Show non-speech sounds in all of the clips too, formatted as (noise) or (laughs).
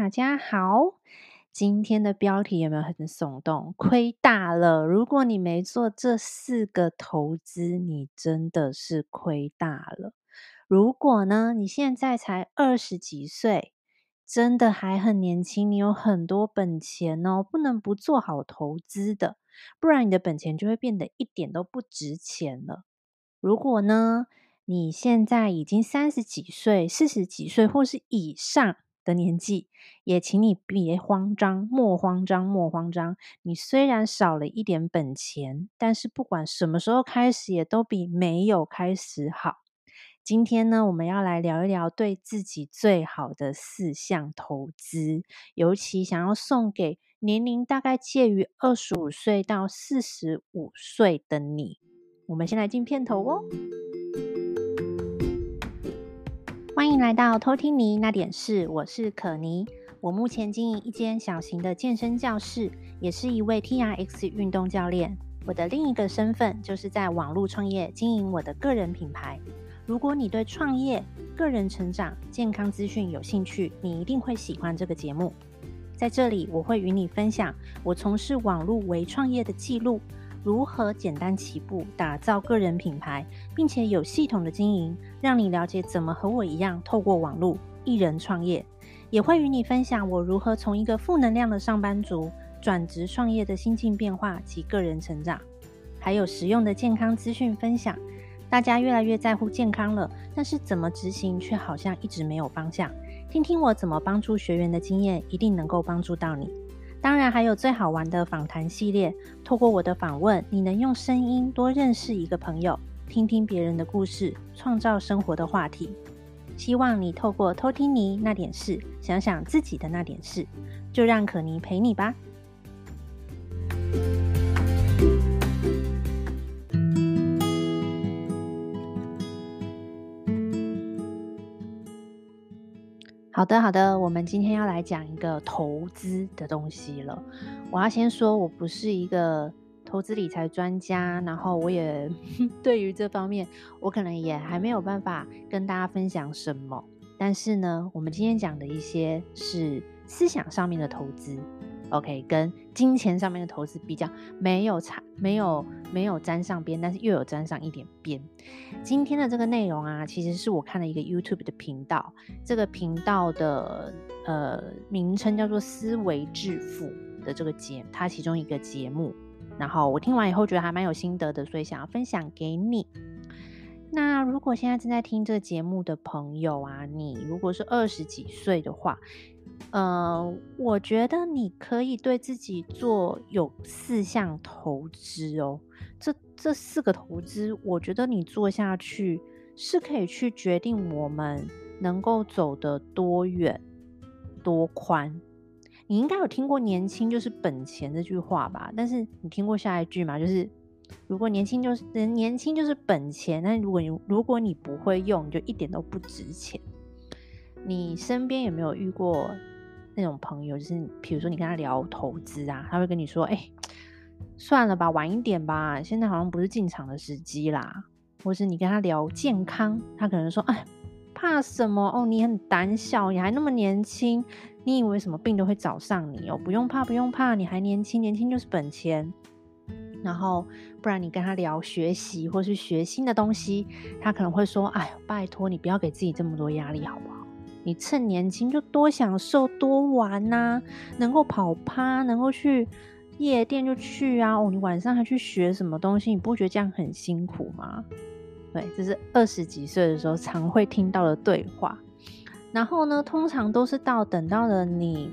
大家好，今天的標題有沒有很聳動？虧大了！如果你沒做這四個投資，你真的是虧大了。如果呢，你現在才二十幾歲，真的還很年輕，你有很多本錢哦，不能不做好投資的，不然你的本錢就會變得一點都不值錢了。如果呢，你現在已經三十幾歲、四十幾歲或是以上。的年紀，也請你別慌張，莫慌張，莫慌張。你雖然少了一點本錢，但是不管什麼時候開始，也都比沒有開始好。今天呢，我們要來聊一聊對自己最好的四項投資，尤其想要送給年齡大概介於二十五歲到四十五歲的你。我們先來進片頭哦。歡迎來到偷聽妮那點事，我是可妮。我目前經營一間小型的健身教室，也是一位 TRX 運動教練。我的另一個身份就是在網絡創業經營我的個人品牌。如果你對創業、個人成長、健康資訊有興趣，你一定會喜歡這個節目。在這裡，我會與你分享我從事網絡微創業的記錄。如何簡單起步打造個人品牌，並且有系統的經營，讓你了解怎麼和我一樣透過網絡一人創業。也會與你分享我如何從一個負能量的上班族轉職創業的心境變化及個人成長，還有實用的健康資訊分享。大家越來越在乎健康了，但是怎麼執行卻好像一直沒有方向。聽聽我怎麼幫助學員的經驗，一定能夠幫助到你。當然，還有最好玩的訪談系列。透過我的訪問，你能用聲音多認識一個朋友，聽聽別人的故事，創造生活的話題。希望你透過偷聽妮那點事，想想自己的那點事，就讓可妮陪你吧。好的，好的，我們今天要來講一個投資的東西了。我要先說，我不是一個投資理財專家，然後我也對於這方面，我可能也還沒有辦法跟大家分享什麼。但是呢，我們今天講的一些是思想上面的投資。OK，跟金錢上面的投資比較沒有差，沒有沒有沾上邊，但是又有沾上一點邊。今天的這個內容啊，其實是我看了一個 YouTube 的頻道，這個頻道的呃名稱叫做“思維致富”的這個節，它其中一個節目。然後我聽完以後覺得還蠻有心得的，所以想要分享給你。那如果現在正在聽這個節目的朋友啊，你如果是二十幾歲的話。嗯、呃，我覺得你可以對自己做有四項投資哦。這這四個投資，我覺得你做下去是可以去決定我們能夠走得多遠、多寬。你應該有聽過“年輕就是本錢”這句話吧？但是你聽過下一句嗎？就是如果年輕就是年輕就是本錢，那如果你如果你不會用，你就一點都不值錢。你身邊有沒有遇過？那種朋友就是，比如說你跟他聊投資啊，他會跟你說：“哎、欸，算了吧，晚一點吧，現在好像不是進場的時機啦。”或是你跟他聊健康，他可能說：“哎，怕什麼哦？你很膽小，你還那麼年輕，你以為什麼病都會找上你哦？不用怕，不用怕，你還年輕，年輕就是本錢。”然後，不然你跟他聊學習或是學新的東西，他可能會說：“哎，拜托你不要給自己這麼多壓力，好不好？”你趁年輕就多享受多玩啊，能夠跑趴，能夠去夜店就去啊！哦，你晚上還去學什麼東西？你不覺得這樣很辛苦嗎？對，這是二十幾歲的時候常會聽到的對話。然後呢，通常都是到等到了你，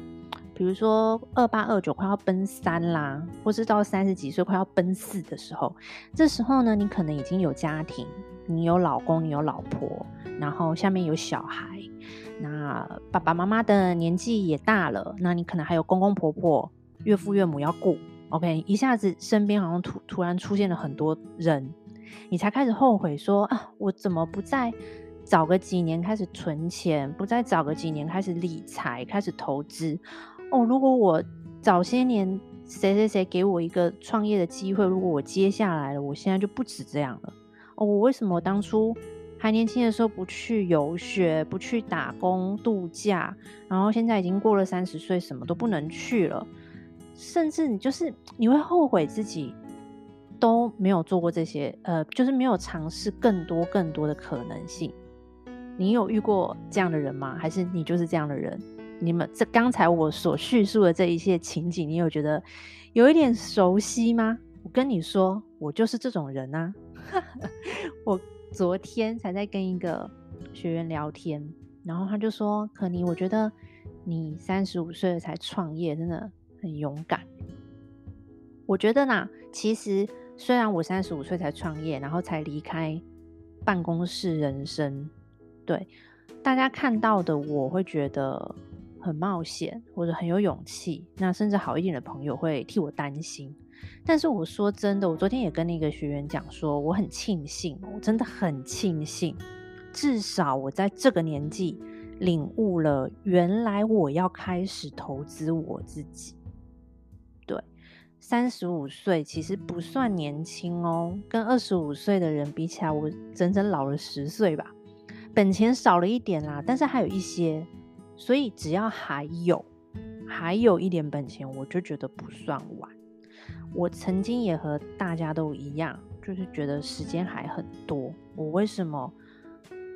比如說二八二九快要奔三啦，或是到三十幾歲快要奔四的時候，這時候呢，你可能已經有家庭，你有老公，你有老婆，然後下面有小孩。那爸爸媽媽的年紀也大了，那你可能還有公公婆婆、岳父岳母要顧。OK，一下子身邊好像突突然出現了很多人，你才開始後悔說啊，我怎麼不再早個幾年開始存錢，不再早個幾年開始理財、開始投資？哦，如果我早些年誰誰誰給我一個創業的機會，如果我接下來了，我現在就不止這樣了。哦，我為什麼當初？還年輕的時候不去遊學，不去打工度假，然後現在已經過了三十歲，什麼都不能去了，甚至你就是你會後悔自己都沒有做過這些，呃，就是沒有嘗試更多更多的可能性。你有遇過這樣的人嗎？還是你就是這樣的人？你們這剛才我所敘述的這一些情景，你有覺得有一點熟悉嗎？我跟你說，我就是這種人啊， (laughs) 我。昨天才在跟一個學員聊天，然後他就說：“可妮，我覺得你三十五歲才創業，真的很勇敢。”我覺得呢，其實雖然我三十五歲才創業，然後才離開辦公室人生，對，大家看到的我會覺得很冒險，或者很有勇氣。那甚至好一點的朋友會替我擔心。但是我說真的，我昨天也跟那個學員講說，說我很慶幸，我真的很慶幸，至少我在這個年紀領悟了，原來我要開始投資我自己。對，三十五歲其實不算年輕哦，跟二十五歲的人比起來，我整整老了十歲吧。本錢少了一點啦，但是還有一些，所以只要還有，還有一點本錢，我就覺得不算晚。我曾經也和大家都一樣，就是覺得時間還很多，我為什麼，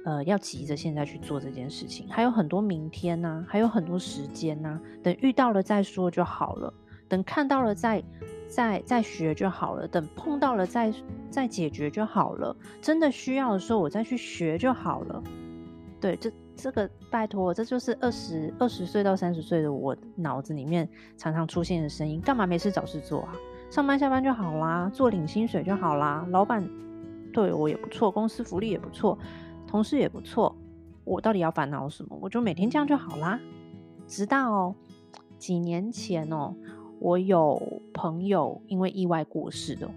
呃，要急着現在去做這件事情？還有很多明天呢？啊，還有很多時間呢？啊，等遇到了再說就好了，等看到了再再再學就好了，等碰到了再再解決就好了，真的需要的時候我再去學就好了，對，這。這個拜托，這就是二十二十歲到三十歲的我腦子裡面常常出現的聲音，幹嘛沒事找事做啊？上班下班就好啦，做領薪水就好啦。老板對我也不錯，公司福利也不錯，同事也不錯，我到底要煩惱什麼？我就每天這樣就好啦。直到幾年前哦，我有朋友因為意外過世的，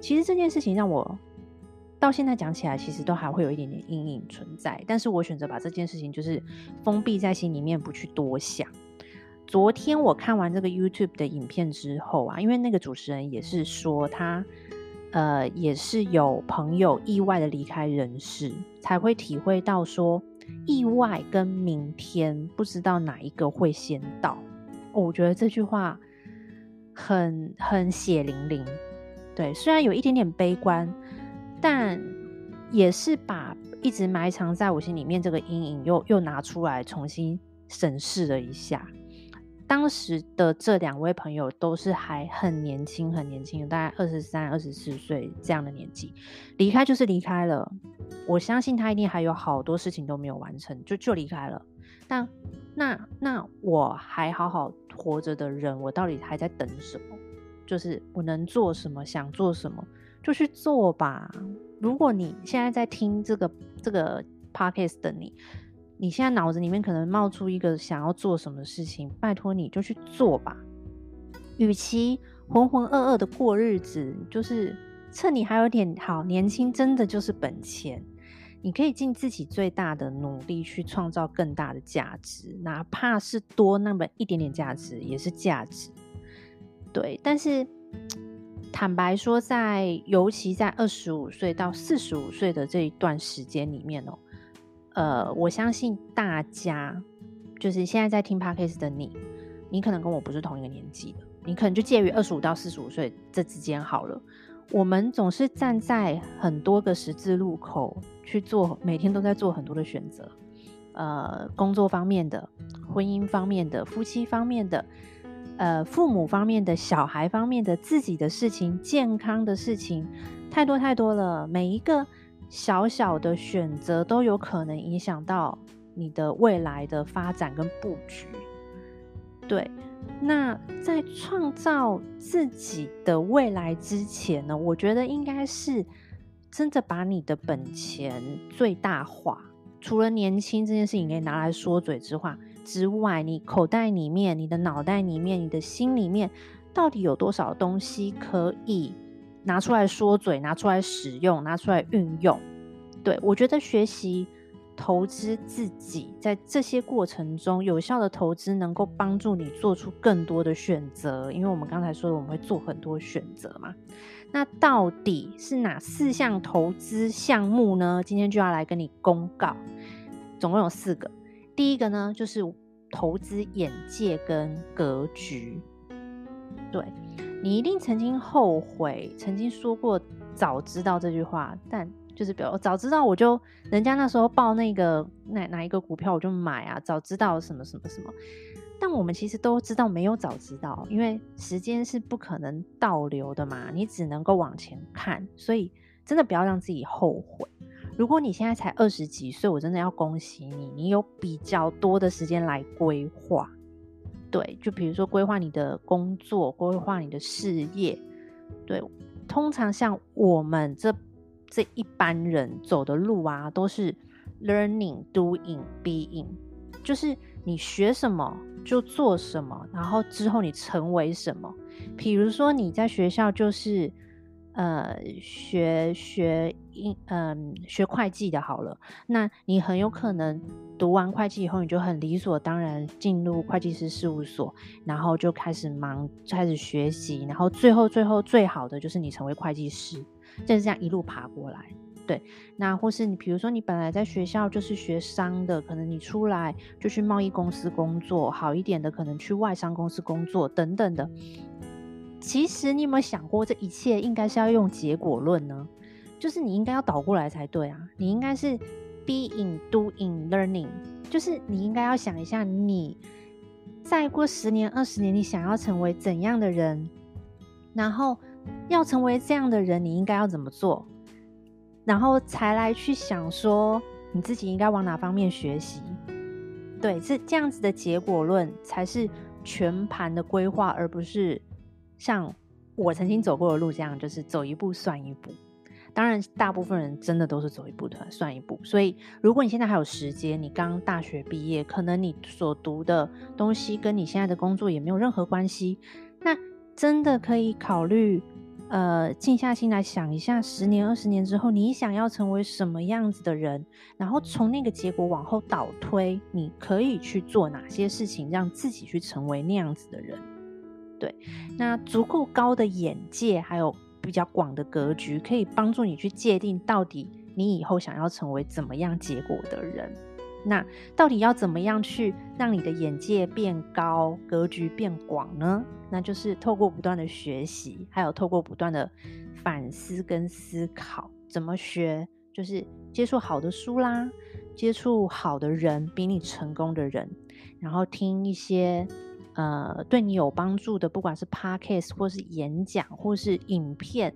其實這件事情讓我。到現在講起來，其實都還會有一點點陰影存在。但是我選擇把這件事情就是封閉在心裡面，不去多想。昨天我看完這個 YouTube 的影片之後啊，因為那個主持人也是說他，呃，也是有朋友意外的離開人世，才會體會到說意外跟明天不知道哪一個會先到。哦，我覺得這句話很很血淋淋，對，雖然有一點點悲觀。但也是把一直埋藏在我心裡面這個陰影又又拿出來重新審視了一下。當時的這兩位朋友都是還很年輕，很年輕，大概二十三、二十四歲這樣的年紀，離開就是離開了。我相信他一定還有好多事情都沒有完成，就就離開了。那那那我還好好活着的人，我到底還在等什麼？就是我能做什麼，想做什麼？就去做吧。如果你現在在聽這個這個 podcast 的你，你現在腦子裡面可能冒出一個想要做什麼事情，拜托你就去做吧。與其渾渾噩噩的過日子，就是趁你還有點好年輕，真的就是本錢。你可以盡自己最大的努力去創造更大的價值，哪怕是多那麼一點點價值，也是價值。對，但是。坦白說在，在尤其在二十五歲到四十五歲的這一段時間裡面哦，呃，我相信大家就是現在在聽 Podcast 的你，你可能跟我不是同一個年紀的，你可能就介於二十五到四十五歲這之間好了。我們總是站在很多個十字路口去做，每天都在做很多的選擇，呃，工作方面的、婚姻方面的、夫妻方面的。呃，父母方面的、小孩方面的、自己的事情、健康的事情，太多太多了。每一個小小的選擇都有可能影響到你的未來的發展跟布局。對，那在創造自己的未來之前呢，我覺得應該是真的把你的本錢最大化。除了年輕這件事情，你可以拿來說嘴之外。之外，你口袋裡面、你的腦袋裡面、你的心裡面，到底有多少東西可以拿出來說嘴、拿出來使用、拿出來運用？對，我覺得學習投資自己，在這些過程中有效的投資，能夠幫助你做出更多的選擇。因為我們剛才說的，我們會做很多選擇嘛。那到底是哪四項投資項目呢？今天就要來跟你公告，總共有四個。第一個呢，就是投資眼界跟格局。對，你一定曾經後悔，曾經說過早知道這句話，但就是比如早知道我就，人家那時候報那個，哪哪一個股票我就買啊，早知道什麼什麼什麼。但我們其實都知道沒有早知道，因為時間是不可能倒流的嘛，你只能夠往前看，所以真的不要讓自己後悔。如果你現在才二十幾歲，我真的要恭喜你，你有比較多的時間來規劃。對，就比如說規劃你的工作，規劃你的事業。對，通常像我們這這一般人走的路啊，都是 learning, doing, being，就是你學什麼就做什麼，然後之後你成為什麼。比如說你在學校就是。呃，學學嗯，學會計的好了。那你很有可能讀完會計以後，你就很理所當然進入會計師事務所，然後就開始忙，開始學習，然後最後最後最好的就是你成為會計師，就是這樣一路爬過來。對，那或是你比如說你本來在學校就是學商的，可能你出來就去貿易公司工作，好一點的可能去外商公司工作等等的。其實你有沒有想過，這一切應該是要用結果論呢？就是你應該要倒過來才對啊！你應該是 being doing learning，就是你應該要想一下，你再過十年、二十年，你想要成為怎樣的人？然後要成為這樣的人，你應該要怎麼做？然後才來去想說，你自己應該往哪方面學習？對，這這樣子的結果論才是全盤的規劃，而不是。像我曾經走過的路這樣，就是走一步算一步。當然，大部分人真的都是走一步的算一步。所以，如果你現在還有時間，你剛大學畢業，可能你所讀的東西跟你現在的工作也沒有任何關係，那真的可以考慮，呃，靜下心來想一下，十年、二十年之後，你想要成為什麼樣子的人，然後從那個結果往後倒推，你可以去做哪些事情，讓自己去成為那樣子的人。對，那足夠高的眼界，還有比較廣的格局，可以幫助你去界定到底你以後想要成為怎麼樣結果的人。那到底要怎麼樣去讓你的眼界變高，格局變廣呢？那就是透過不斷的學習，還有透過不斷的反思跟思考，怎麼學？就是接觸好的書啦，接觸好的人，比你成功的人，然後聽一些。呃，對你有幫助的，不管是 podcast 或是演講，或是影片，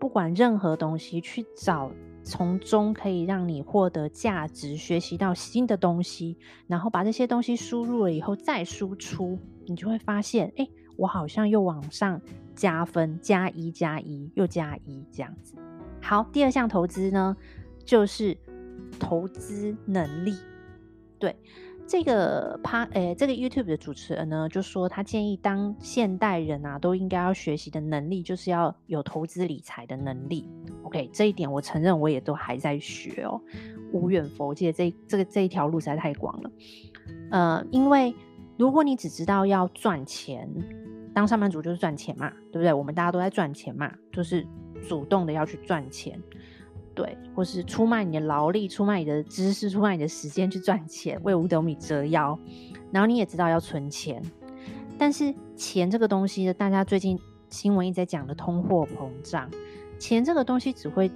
不管任何東西，去找從中可以讓你獲得價值、學習到新的東西，然後把這些東西輸入了以後再輸出，你就會發現，欸，我好像又往上加分，加一，加一，又加一，這樣子。好，第二項投資呢，就是投資能力，對。這個 Pod、欸，這個 YouTube 的主持人呢，就說他建議，當現代人啊，都應該要學習的能力，就是要有投資理財的能力。OK，這一點我承認，我也都還在學哦。無遠弗屆，這這個這一條路實在太廣了。呃，因為如果你只知道要賺錢，當上班族就是賺錢嘛，對不對？我們大家都在賺錢嘛，就是主動的要去賺錢。對，或是出賣你的勞力，出賣你的知識，出賣你的時間去賺錢，為五斗米折腰。然後你也知道要存錢，但是錢這個東西，大家最近新聞一直在講的通貨膨脹，錢這個東西只會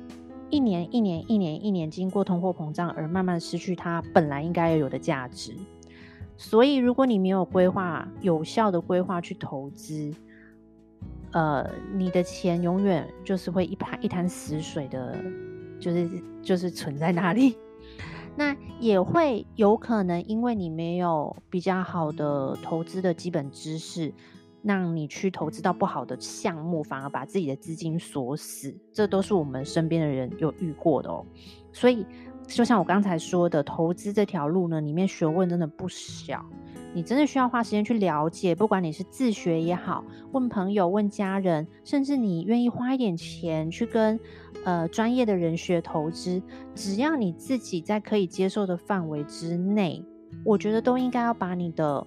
一年一年一年一年，一年經過通貨膨脹而慢慢失去它本來應該要有的價值。所以如果你沒有規劃，有效的規劃去投資，呃，你的錢永遠就是會一盤一潭死水的。就是就是存在那裡， (laughs) 那也會有可能，因為你沒有比較好的投資的基本知識，讓你去投資到不好的項目，反而把自己的資金鎖死。這都是我們身邊的人有遇過的哦。所以，就像我剛才說的，投資這條路呢，裡面學問真的不小。你真的需要花時間去了解，不管你是自學也好，問朋友、問家人，甚至你願意花一點錢去跟呃專業的人學投資，只要你自己在可以接受的範圍之內，我覺得都應該要把你的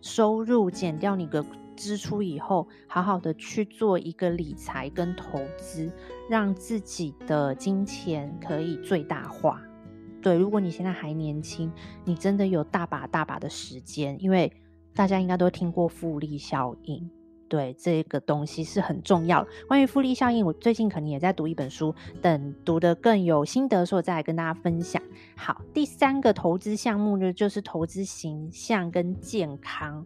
收入減掉你的支出以後，好好的去做一個理財跟投資，讓自己的金錢可以最大化。對，如果你現在還年輕，你真的有大把大把的時間，因為大家應該都聽過複利效應，對，這個東西是很重要的。關於複利效應，我最近可能也在讀一本書，等讀得更有心得的時候再來跟大家分享。好，第三個投資項目就就是投資形象跟健康。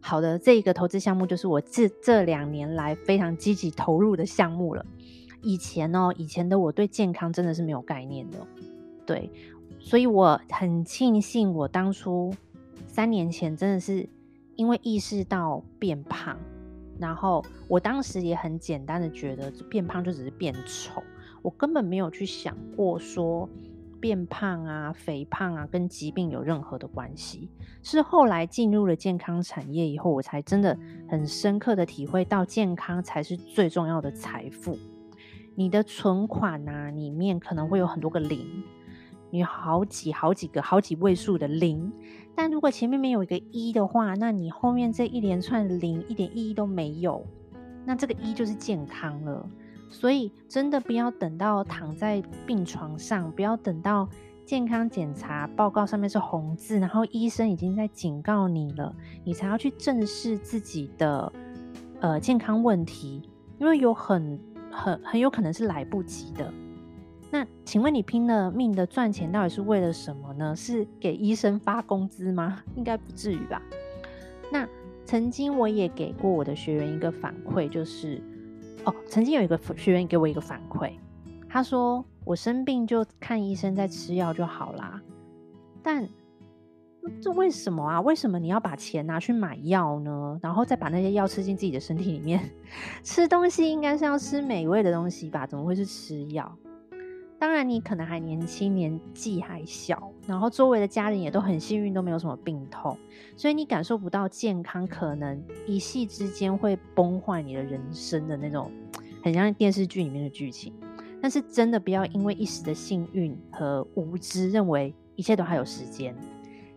好的，這個投資項目就是我這這兩年來非常積極投入的項目了。以前哦，以前的我對健康真的是沒有概念的，對。所以我很慶幸，我當初三年前真的是因為意識到變胖，然後我當時也很簡單的覺得變胖就只是變醜，我根本沒有去想過說變胖啊、肥胖啊跟疾病有任何的關係。是後來進入了健康產業以後，我才真的很深刻的體會到健康才是最重要的財富。你的存款啊，裡面可能會有很多個零。你好幾好幾個好幾位數的零，但如果前面沒有一個一的話，那你後面這一連串零一點意義都沒有。那這個一就是健康了，所以真的不要等到躺在病床上，不要等到健康檢查報告上面是紅字，然後醫生已經在警告你了，你才要去正視自己的呃健康問題，因為有很很很有可能是來不及的。那請問你拼了命的賺錢到底是為了什麼呢？是給醫生發工資嗎？應該不至於吧。那曾經我也給過我的學員一個反饋，就是哦，曾經有一個學員給我一個反饋，他說我生病就看醫生，再吃藥就好啦。但這為什麼啊？為什麼你要把錢拿去買藥呢？然後再把那些藥吃進自己的身體裡面？吃東西應該是要吃美味的東西吧？怎麼會是吃藥？當然，你可能還年輕，年紀還小，然後周圍的家人也都很幸運，都沒有什麼病痛，所以你感受不到健康，可能一夕之間會崩壞你的人生的那種，很像電視劇裡面的劇情。但是真的不要因為一時的幸運和無知，認為一切都還有時間。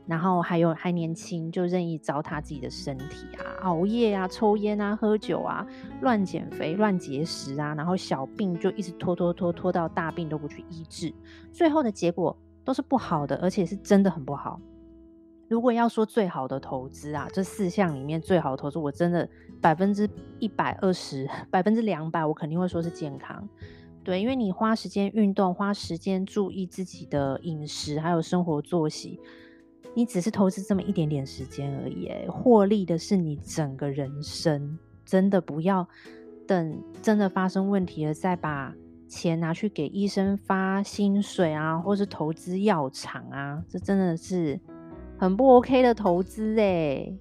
然後還有還年輕就任意糟蹋自己的身體啊，熬夜啊，抽煙啊，喝酒啊，亂減肥，亂節食啊，然後小病就一直拖拖拖，拖到大病都不去醫治，最後的結果都是不好的，而且是真的很不好。如果要說最好的投資啊，這四項裡面最好的投資，我真的百分之一百二十、百分之兩百，我肯定會說是健康。對，因為你花時間運動，花時間注意自己的飲食，還有生活作息。你只是投資這麼一點點時間而已，欸，獲利的是你整個人生。真的不要等真的發生問題了，再把錢拿去給醫生發薪水啊，或是投資藥廠啊，這真的是很不 OK 的投資哎，欸。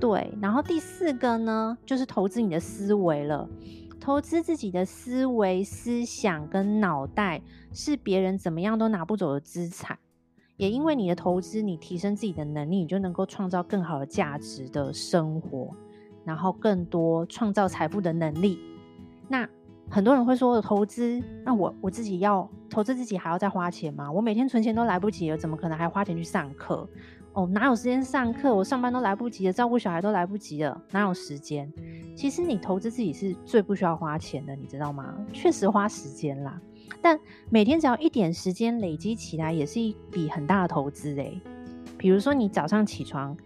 對，然後第四個呢，就是投資你的思維了，投資自己的思維、思想跟腦袋，是別人怎麼樣都拿不走的資產。也因為你的投資，你提升自己的能力，你就能夠創造更好的價值的生活，然後更多創造財富的能力。那很多人會說，投資，那我我自己要投資自己，還要再花錢嗎？我每天存錢都來不及了，怎麼可能還花錢去上課？哦，哪有時間上課？我上班都來不及了，照顧小孩都來不及了，哪有時間？其實你投資自己是最不需要花錢的，你知道嗎？確實花時間啦。但每天只要一點時間累積起來，也是一筆很大的投資誒、欸。比如說，你早上起床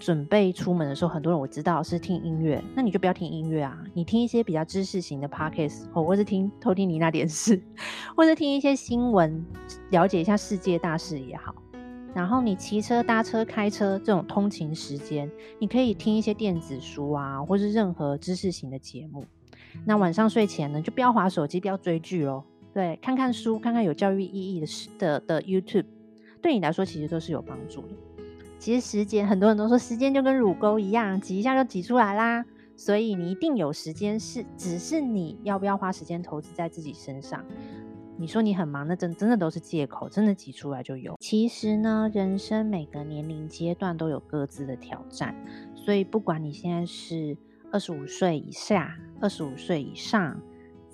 準備出門的時候，很多人我知道是聽音樂，那你就不要聽音樂啊，你聽一些比較知識型的 podcast，或者是聽偷聽妮那點事，或者聽一些新聞，了解一下世界大事也好。然後你騎車、搭車、開車這種通勤時間，你可以聽一些電子書啊，或是任何知識型的節目。那晚上睡前呢，就不要滑手機，不要追劇嘍。對，看看書，看看有教育意義的的的 YouTube，對你來說其實都是有幫助的。其實時間，很多人都說時間就跟乳溝一樣，擠一下就擠出來啦。所以你一定有時間，是只是你要不要花時間投資在自己身上。你說你很忙，那真的真的都是借口，真的擠出來就有。其實呢，人生每個年齡階段都有各自的挑戰，所以不管你現在是二十五歲以下，二十五歲以上。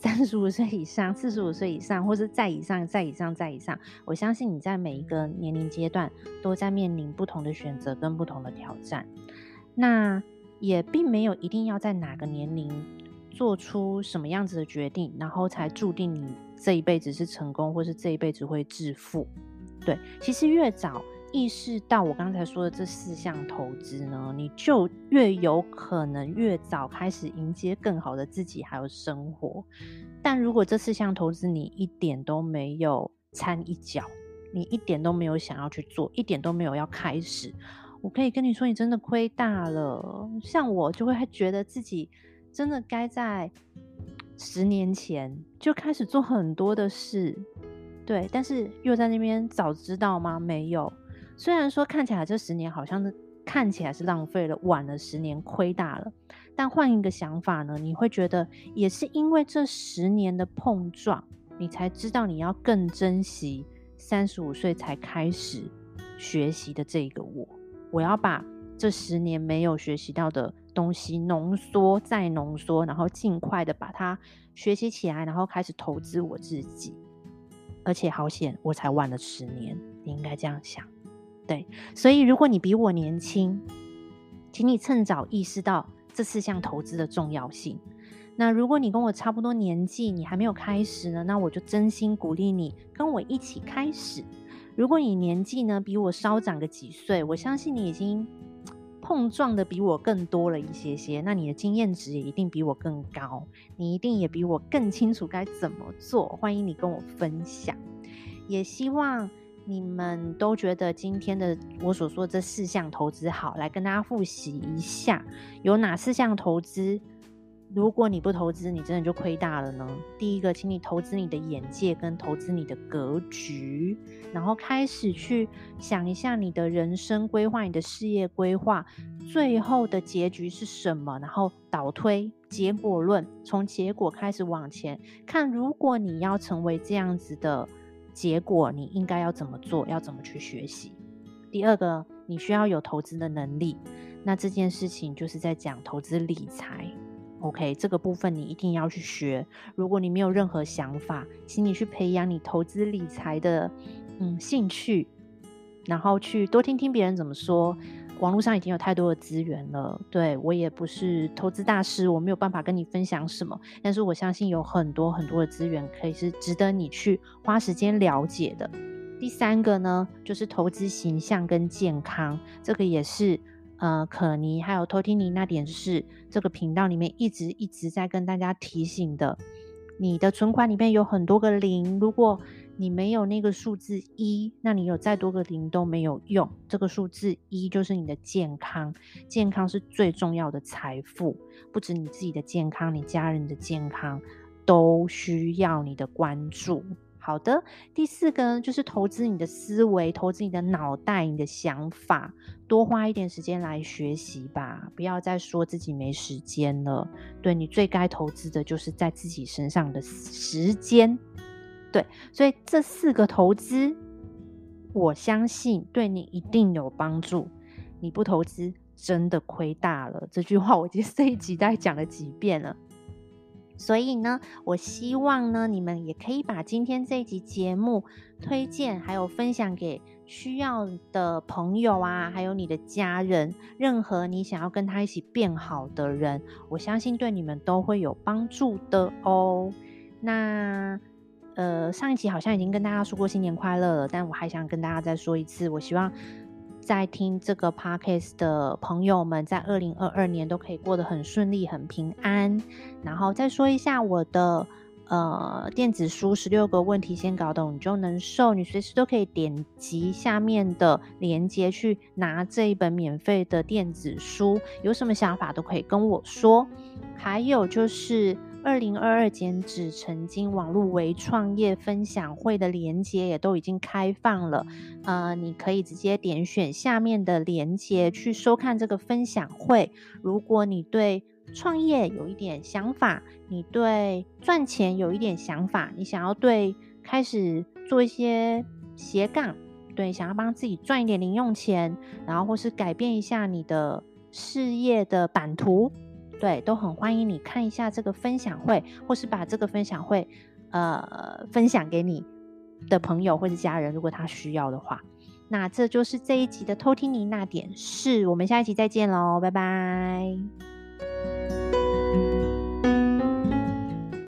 三十五歲以上、四十五歲以上，或是再以上、再以上、再以上，我相信你在每一個年齡階段都在面臨不同的選擇跟不同的挑戰。那也並沒有一定要在哪個年齡做出什麼樣子的決定，然後才注定你這一輩子是成功，或是這一輩子會致富。對，其實越早。意識到我剛才說的這四項投資呢，你就越有可能越早開始迎接更好的自己，還有生活。但如果這四項投資你一點都沒有參一腳，你一點都沒有想要去做，一點都沒有要開始，我可以跟你說，你真的虧大了。像我就會覺得自己真的該在十年前就開始做很多的事，對，但是又在那邊早知道嗎？沒有。雖然說看起來這十年好像是看起來是浪費了，晚了十年虧大了，但換一個想法呢，你會覺得也是因為這十年的碰撞，你才知道你要更珍惜三十五歲才開始學習的這個我。我要把這十年沒有學習到的東西濃縮再濃縮，然後盡快的把它學習起來，然後開始投資我自己。而且好險，我才晚了十年。你應該這樣想。對，所以如果你比我年輕，請你趁早意識到這四項投資的重要性。那如果你跟我差不多年紀，你還沒有開始呢，那我就真心鼓勵你跟我一起開始。如果你年紀呢，比我稍長個幾歲，我相信你已經碰撞的比我更多了一些些，那你的經驗值也一定比我更高，你一定也比我更清楚該怎麼做。歡迎你跟我分享，也希望。你們都覺得今天的我所說的這四項投資好。來跟大家複習一下，有哪四項投資？如果你不投資，你真的就虧大了呢。第一個，請你投資你的眼界，跟投資你的格局，然後開始去想一下你的人生規劃、你的事業規劃，最後的結局是什麼？然後倒推結果論，從結果開始往前看，如果你要成為這樣子的結果你應該要怎麼做，要怎麼去學習。第二個，你需要有投資的能力，那這件事情就是在講投資理財。OK，這個部分你一定要去學。如果你沒有任何想法，請你去培養你投資理財的，嗯，興趣，然後去多聽聽別人怎麼說。網絡上已經有太多的資源了，對，我也不是投資大師，我沒有辦法跟你分享什麼。但是我相信有很多很多的資源，可以是值得你去花時間了解的。第三個呢，就是投資形象跟健康，這個也是呃可妮還有偷聽妮那點事這個頻道裡面一直一直在跟大家提醒的。你的存款裡面有很多個零，如果你沒有那個數字一，那你有再多個零都沒有用。這個數字一就是你的健康，健康是最重要的財富，不止你自己的健康，你家人的健康都需要你的關注。好的，第四個就是投資你的思維，投資你的腦袋，你的想法，多花一點時間來學習吧，不要再說自己沒時間了。對，你最該投資的就是在自己身上的時間。對，所以這四個投資，我相信對你一定有幫助。你不投資，真的虧大了。這句話我已經這一集大概講了幾遍了。所以呢，我希望呢，你們也可以把今天這一集節目推薦，還有分享給需要的朋友啊，還有你的家人，任何你想要跟他一起變好的人，我相信對你們都會有幫助的哦。那呃，上一集好像已經跟大家說過新年快樂了，但我還想跟大家再說一次，我希望。在聽這個 podcast 的朋友們，在二零二二年都可以過得很順利、很平安。然後再說一下我的呃電子書，十六個問題先搞懂，你就能瘦。你隨時都可以點擊下面的鏈接去拿這一本免費的電子書。有什麼想法都可以跟我說。還有就是。二零二二減脂成金網路輕創業分享會的連結也都已經開放了，呃，你可以直接點選下面的連結去收看這個分享會。如果你對創業有一點想法，你對賺錢有一點想法，你想要對開始做一些斜槓，對，想要幫自己賺一點零用錢，然後或是改變一下你的事業的版圖。對，都很歡迎你看一下這個分享會，或是把這個分享會，呃，分享給你的朋友或者家人，如果他需要的話。那這就是這一集的偷聽妮那點事，我們下一集再見嘍，拜拜。